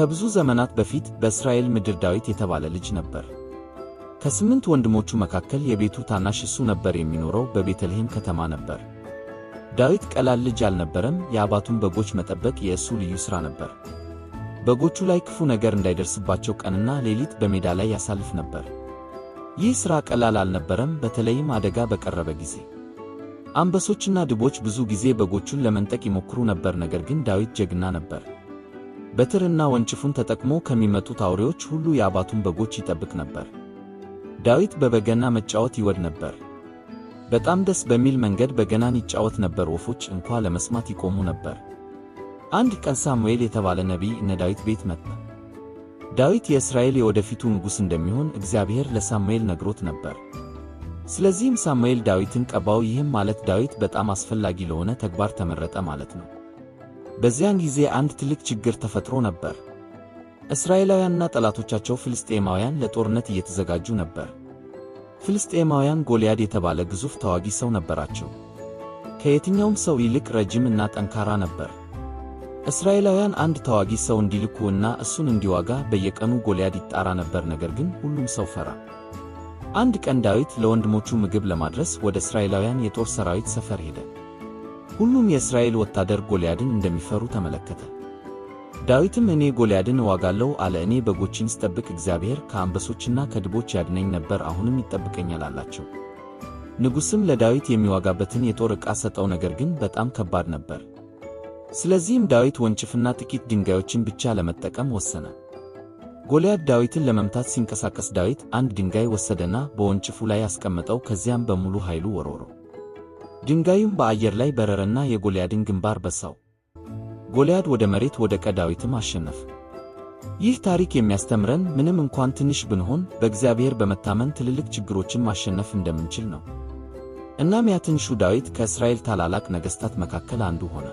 ከብዙ ዘመናት በፊት በእስራኤል ምድር ዳዊት የተባለ ልጅ ነበር። ከስምንት ወንድሞቹ መካከል የቤቱ ታናሽ እሱ ነበር። የሚኖረው በቤተልሔም ከተማ ነበር። ዳዊት ቀላል ልጅ አልነበረም። የአባቱን በጎች መጠበቅ የእሱ ልዩ ሥራ ነበር። በጎቹ ላይ ክፉ ነገር እንዳይደርስባቸው ቀንና ሌሊት በሜዳ ላይ ያሳልፍ ነበር። ይህ ሥራ ቀላል አልነበረም፣ በተለይም አደጋ በቀረበ ጊዜ። አንበሶችና ድቦች ብዙ ጊዜ በጎቹን ለመንጠቅ ይሞክሩ ነበር፣ ነገር ግን ዳዊት ጀግና ነበር። በትርና ወንጭፉን ተጠቅሞ ከሚመጡት አውሬዎች ሁሉ የአባቱን በጎች ይጠብቅ ነበር። ዳዊት በበገና መጫወት ይወድ ነበር። በጣም ደስ በሚል መንገድ በገናን ይጫወት ነበር። ወፎች እንኳ ለመስማት ይቆሙ ነበር። አንድ ቀን ሳሙኤል የተባለ ነቢይ እነ ዳዊት ቤት መጣ። ዳዊት የእስራኤል የወደፊቱ ንጉሥ እንደሚሆን እግዚአብሔር ለሳሙኤል ነግሮት ነበር። ስለዚህም ሳሙኤል ዳዊትን ቀባው። ይህም ማለት ዳዊት በጣም አስፈላጊ ለሆነ ተግባር ተመረጠ ማለት ነው። በዚያን ጊዜ አንድ ትልቅ ችግር ተፈጥሮ ነበር። እስራኤላውያንና ጠላቶቻቸው ፍልስጤማውያን ለጦርነት እየተዘጋጁ ነበር። ፍልስጤማውያን ጎልያድ የተባለ ግዙፍ ተዋጊ ሰው ነበራቸው። ከየትኛውም ሰው ይልቅ ረጅም እና ጠንካራ ነበር። እስራኤላውያን አንድ ተዋጊ ሰው እንዲልኩ እና እሱን እንዲዋጋ በየቀኑ ጎልያድ ይጣራ ነበር። ነገር ግን ሁሉም ሰው ፈራ። አንድ ቀን ዳዊት ለወንድሞቹ ምግብ ለማድረስ ወደ እስራኤላውያን የጦር ሰራዊት ሰፈር ሄደ። ሁሉም የእስራኤል ወታደር ጎልያድን እንደሚፈሩ ተመለከተ። ዳዊትም እኔ ጎልያድን እዋጋለሁ አለ። እኔ በጎችን ስጠብቅ እግዚአብሔር ከአንበሶችና ከድቦች ያድነኝ ነበር፣ አሁንም ይጠብቀኛል አላቸው። ንጉሥም ለዳዊት የሚዋጋበትን የጦር ዕቃ ሰጠው፣ ነገር ግን በጣም ከባድ ነበር። ስለዚህም ዳዊት ወንጭፍና ጥቂት ድንጋዮችን ብቻ ለመጠቀም ወሰነ። ጎልያድ ዳዊትን ለመምታት ሲንቀሳቀስ ዳዊት አንድ ድንጋይ ወሰደና በወንጭፉ ላይ ያስቀመጠው፣ ከዚያም በሙሉ ኃይሉ ወረወረው። ድንጋዩም በአየር ላይ በረረና የጎልያድን ግንባር በሳው። ጎልያድ ወደ መሬት ወደቀ፣ ዳዊትም አሸነፈ። ይህ ታሪክ የሚያስተምረን ምንም እንኳን ትንሽ ብንሆን በእግዚአብሔር በመታመን ትልልቅ ችግሮችን ማሸነፍ እንደምንችል ነው። እናም ያ ትንሹ ዳዊት ከእስራኤል ታላላቅ ነገሥታት መካከል አንዱ ሆነ።